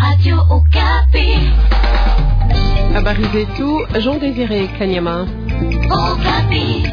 Radio Okapi. Habari zetu Jean Désiré Kanyama. Okapi.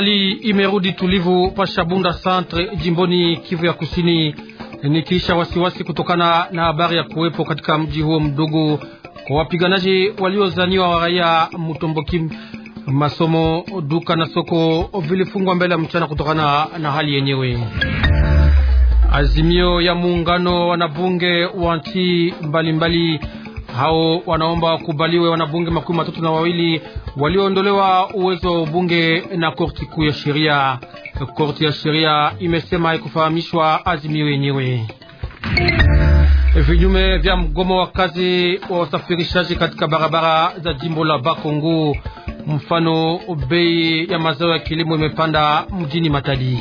Hali imerudi tulivu pa Shabunda Centre jimboni Kivu ya Kusini, nikiisha wasiwasi kutokana na habari ya kuwepo katika mji huo mdogo kwa wapiganaji waliozaniwa wa raia Mutomboki. Masomo, duka na soko vilifungwa mbele ya mchana kutokana na hali yenyewe. Azimio ya muungano wanabunge wa nchi mbalimbali hao wanaomba wakubaliwe wanabunge makumi matatu na wawili walioondolewa uwezo wa ubunge na korti kuu ya sheria. Korti ya sheria imesema haikufahamishwa azimio yenyewe. Vinyume vya mgomo wa kazi wa wasafirishaji katika barabara za jimbo la Bakongo, mfano bei ya mazao ya kilimo imepanda mjini Matadi.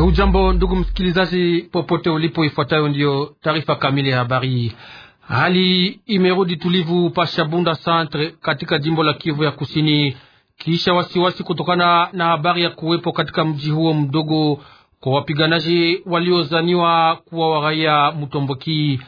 Hujambo ndugu msikilizaji, popote ulipo, ifuatayo ndiyo taarifa kamili ya habari. Hali imerudi tulivu pa Shabunda Centre katika jimbo la Kivu ya Kusini kisha wasiwasi kutokana na habari ya kuwepo katika mji huo mdogo kwa wapiganaji waliozaniwa kuwa waraia Mutomboki.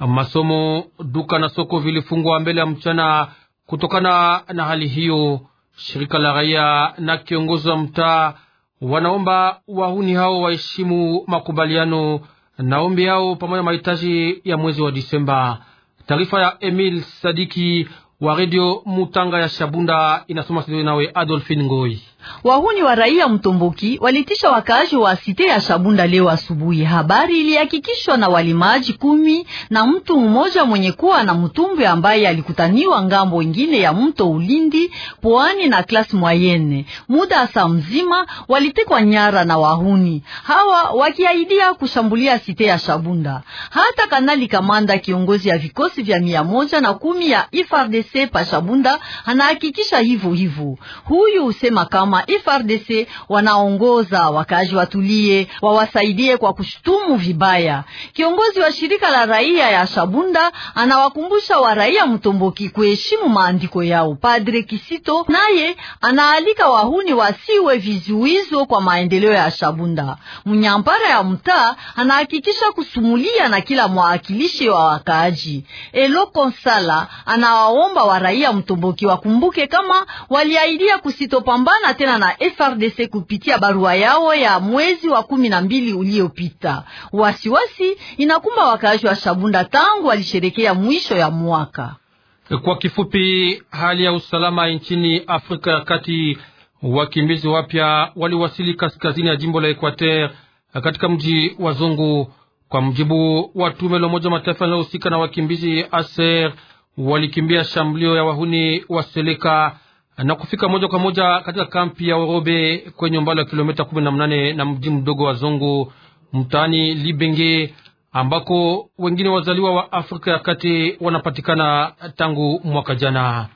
Masomo, duka na soko vilifungwa mbele ya mchana kutokana na hali hiyo. Shirika la raia na kiongozi wa mtaa wanaomba wahuni hao waheshimu makubaliano na ombi yao pamoja na mahitaji ya mwezi wa Disemba. Taarifa ya Emil Sadiki wa redio Mutanga ya Shabunda inasoma Sidoni nawe Adolfin Ngoi. Wahuni wa raia mtomboki walitisha wakaaji wa site ya Shabunda leo asubuhi. Habari ilihakikishwa na walimaji kumi na mtu mmoja mwenye kuwa na mtumbwi ambaye alikutaniwa ngambo ingine ya mto Ulindi Pwani na Klas Mwayene. Muda saa mzima walitekwa nyara na wahuni hawa wakiaidia kushambulia site ya Shabunda. Hata kanali kamanda kiongozi ya vikosi vya mia moja na kumi ya frdc pa Shabunda anahakikisha hivyo hivyo. Huyu usema kama kama FRDC wanaongoza wakaaji watulie, wawasaidie kwa kushtumu vibaya. Kiongozi wa shirika la raia ya Shabunda anawakumbusha wa raia mtomboki kuheshimu maandiko yao. Padre Kisito naye anaalika wahuni wasiwe vizuizo kwa maendeleo ya Shabunda. Mnyampara ya mtaa anahakikisha kusumulia na kila mwakilishi wa wakaaji. Elo Konsala anawaomba wa raia mtomboki wakumbuke kama waliahidia kusitopambana tena na FRDC kupitia barua yao ya mwezi wa kumi na mbili uliopita. Wasiwasi inakumba wakaaji wa Shabunda tangu walisherekea mwisho ya mwaka. Kwa kifupi, hali ya usalama nchini Afrika ya Kati. Wakimbizi wapya waliwasili kaskazini ya jimbo la Equateur katika mji wa Zungu. Kwa mjibu wa tume la Umoja Mataifa linalohusika na wakimbizi, ASER walikimbia shambulio ya wahuni wa Seleka na kufika moja kwa moja katika kampi ya Orobe kwenye umbali wa kilomita kumi na mnane na mji mdogo wa Zongo mtaani Libenge ambako wengine wazaliwa wa Afrika ya Kati wanapatikana tangu mwaka jana.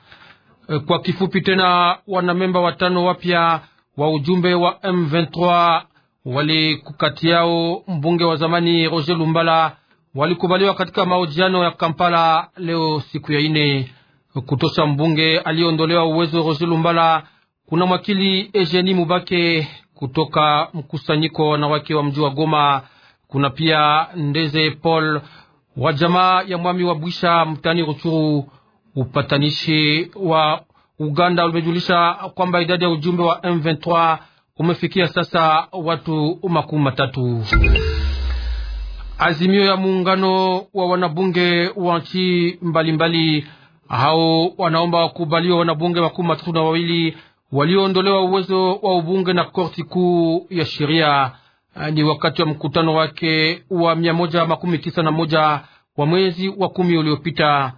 Eh, kwa kifupi tena, wanamemba watano wapya wa ujumbe wa M23 walikukatiao yao mbunge wa zamani Roger Lumbala walikubaliwa katika mahojiano ya Kampala leo siku ya ine kutosha mbunge aliondolewa uwezo Roger Lumbala. Kuna mwakili Eugenie Mubake kutoka mkusanyiko wanawake wa mji wa Goma. Kuna pia Ndeze Paul wa jamaa ya mwami wa Bwisha mtani Ruchuru. Upatanishi wa Uganda umejulisha kwamba idadi ya ujumbe wa M23 umefikia sasa watu makumi matatu. Azimio ya muungano wa wanabunge wa nchi mbalimbali hao wanaomba wakubaliwa wanabunge makumi matatu na wawili walioondolewa uwezo wa ubunge na korti kuu ya sheria. Eh, ni wakati wa mkutano wake wa mia moja makumi tisa na moja wa mwezi wa kumi uliopita.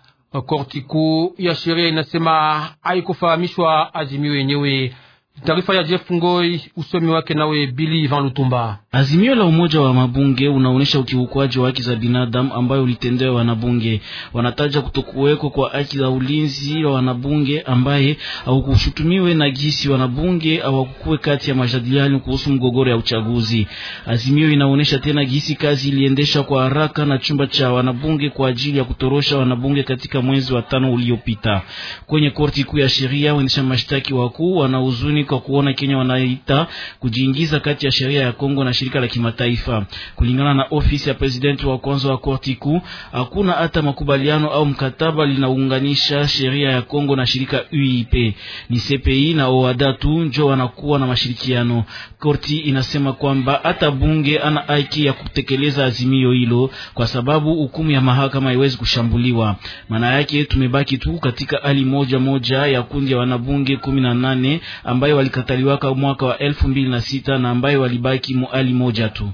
Korti kuu ya sheria inasema haikufahamishwa azimio yenyewe Taarifa ya Jeff Ngoi, usomi wake nawe Bili Van Lutumba. Azimio la umoja wa mabunge unaonesha ukiukwaji wa haki za binadamu ambayo ulitendewa wanabunge. Wanataja kutokuwekwa kwa haki za ulinzi wa wanabunge ambaye haukushutumiwe na gisi wanabunge hawakukuwe kati ya majadiliano kuhusu mgogoro ya uchaguzi. Azimio inaonesha tena gisi kazi iliendesha kwa haraka na chumba cha wanabunge kwa ajili ya kutorosha wanabunge katika mwezi wa tano uliopita. Kwenye korti kuu ya sheria waendesha mashtaki wakuu wanauzuni kwa kuona Kenya wanaita kujiingiza kati ya sheria ya Kongo na shirika la kimataifa. Kulingana na ofisi ya president wa kwanza wa korti kuu, hakuna hata makubaliano au mkataba linaunganisha sheria ya Kongo na shirika UIP. Ni CPI na OADA tu njo wanakuwa na mashirikiano. Korti inasema kwamba hata bunge ana haki ya kutekeleza azimio hilo kwa sababu hukumu ya mahakama haiwezi kushambuliwa. Maana yake tumebaki tu katika hali moja moja ya kundi ya wanabunge kumi na nane ambayo ambayo walikataliwaka mwaka wa elfu mbili na sita na walibaki muali moja tu.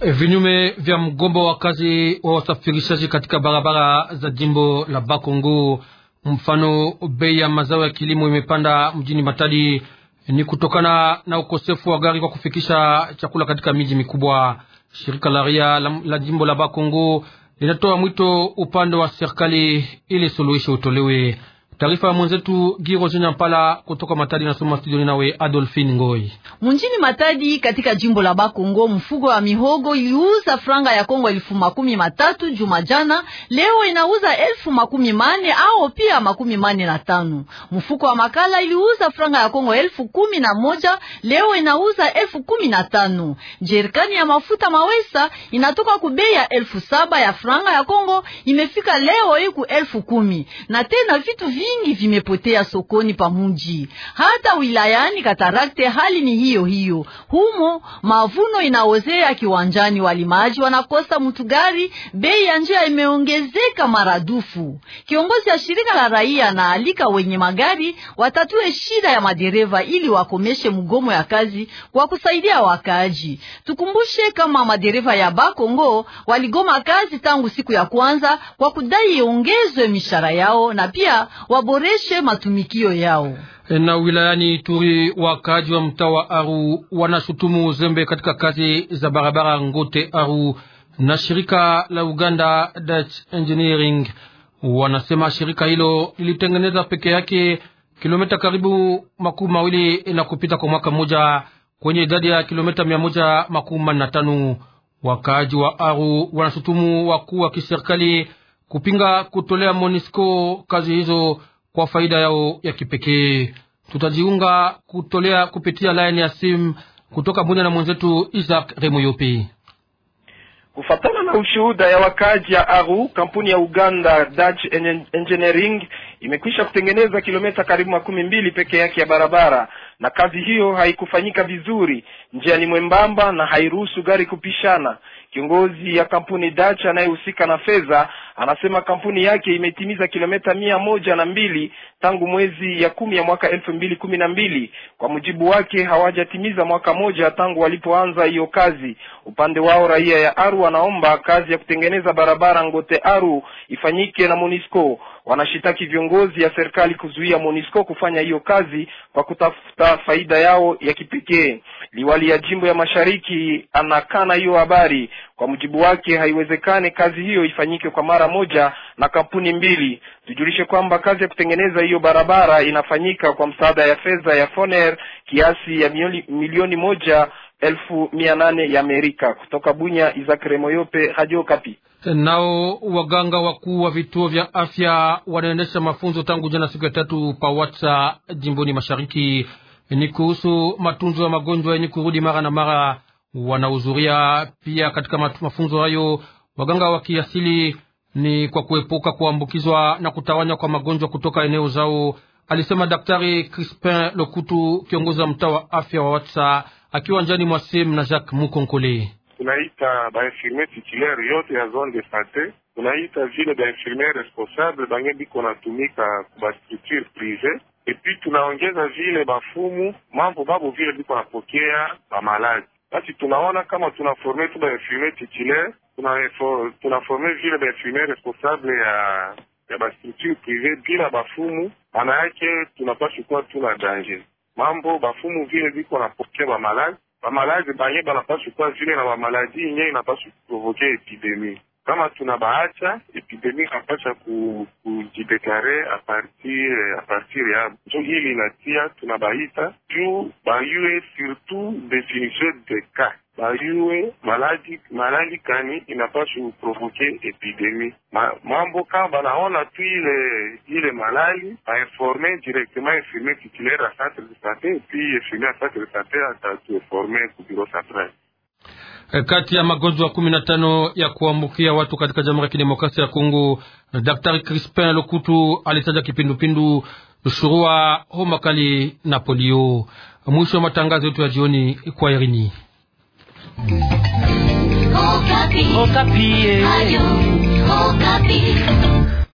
Vinyume vya mgombo wa kazi wa wasafirishaji katika barabara za jimbo la Bakongo, mfano bei ya mazao ya kilimo imepanda mjini Matadi, ni kutokana na ukosefu wa gari kwa kufikisha chakula katika miji mikubwa. Shirika la ria la, la jimbo la Bakongo linatoa mwito upande wa serikali ili suluhisho utolewe. Taarifa ya mwenzetu Giroje Nyampala kutoka Matadi na soma studioni nawe Adolfin Ngoi. Mjini Matadi katika jimbo la Bakongo, mfugo wa mihogo iliuza franga ya Kongo elfu makumi matatu juma jana, leo inauza elfu makumi mane au pia makumi mane na tano. Mfuko wa makala iliuza franga ya Kongo elfu kumi na moja leo inauza elfu kumi na tano. Jerikani ya mafuta mawesa inatoka kubei ya elfu saba ya franga ya Kongo imefika leo iku elfu kumi na tena vitu vi vingi vimepotea sokoni pa mji, hata wilayani Katarakte hali ni hiyo hiyo. Humo mavuno inaozea kiwanjani, walimaji wanakosa mtu gari, bei ya njia imeongezeka maradufu. Kiongozi ya shirika la raia anaalika wenye magari watatue shida ya madereva ili wakomeshe mgomo ya kazi kwa kusaidia wakaaji. Tukumbushe kama madereva ya Bakongo waligoma kazi tangu siku ya kwanza kwa kudai iongezwe mishahara yao na pia waboreshe matumikio yao. Na wilayani Ituri, wakaaji wa mtaa wa Aru wanashutumu uzembe katika kazi za barabara Ngote Aru na shirika la Uganda Dutch Engineering. Wanasema shirika hilo lilitengeneza peke yake kilomita karibu makumi mawili na kupita kwa mwaka mmoja kwenye idadi ya kilomita mia moja makumi manne na tano. Wakaaji wa Aru wanashutumu wakuu wa kiserikali kupinga kutolea monisco kazi hizo kwa faida yao ya kipekee. Tutajiunga kutolea kupitia laini ya simu kutoka Bunia na mwenzetu Isaac Remoyope. Kufatana na ushuhuda ya wakaji ya Aru, kampuni ya Uganda Dutch Engineering imekwisha kutengeneza kilomita karibu makumi mbili peke yake ya barabara na kazi hiyo haikufanyika vizuri. Njia ni mwembamba na hairuhusu gari kupishana. Kiongozi ya kampuni dacha anayehusika na fedha anasema kampuni yake imetimiza kilometa mia moja na mbili tangu mwezi ya kumi ya mwaka elfu mbili kumi na mbili. Kwa mujibu wake hawajatimiza mwaka moja tangu walipoanza hiyo kazi. Upande wao raia ya Aru anaomba kazi ya kutengeneza barabara Ngote Aru ifanyike na Monisco. Wanashitaki viongozi ya serikali kuzuia MONUSCO kufanya hiyo kazi kwa kutafuta faida yao ya kipekee. Liwali ya jimbo ya mashariki anakana hiyo habari. Kwa mujibu wake, haiwezekani kazi hiyo ifanyike kwa mara moja na kampuni mbili. Tujulishe kwamba kazi ya kutengeneza hiyo barabara inafanyika kwa msaada ya fedha ya Foner kiasi ya milioni moja elfu mia nane ya Amerika. Kutoka Bunya, Izakre Moyope, Radio Kapi. Nao waganga wakuu wa vituo vya afya wanaendesha mafunzo tangu jana siku ya tatu Watsa jimboni mashariki, ni kuhusu matunzo ya magonjwa yenye kurudi mara na mara. Wanahudhuria pia katika mafunzo hayo waganga wa kiasili, ni kwa kuepuka kuambukizwa na kutawanywa kwa magonjwa kutoka eneo zao, alisema Daktari Crispin Lokutu, kiongozi wa mtaa wa afya wa Watsa akiwa njani mwa sehemu na Jacques Mukonkole. Tunaita bainfirmier titulaire yote ya zone de sante, tunaita vile bainfirmier responsable bange biko natumika structure prive epi tunaongeza vile bafumu mambo babo vile biko napokea bamalazi. Basi tunaona kama tunaforme tu bainfirmier titulaire, tunaforme vile bainfirmier responsable ya ya bastructure prive bila bafumu, maana yake tunapasha kuwa tuna danger mambo bafumu vile viko a pas pas banye La kuwa vile na bamaladi inye su kuprovoke epidemie kama tunabaacha epidemi napacha kujideklare apartir apartir ya jo ili natia tunabaita juu bayue surtout definition de cas bayue maladi maladi kani inapasha kuprovoke epidemi Ma, mambo kama banaona tu ile ile malali bainforme directement infirmier titulaire a centre de santé puis infirmier a centre de santé atatu informe bureau central Eh, kati ya magonjwa kumi na tano ya kuambukia watu katika Jamhuri ya Kidemokrasia ya Kongo, Daktari Crispin Lokutu alitaja kipindupindu, shurua, homa kali na polio. Mwisho wa matangazo yetu ya jioni kwa Irini. Okapi. Okapi. Eh. Okapi.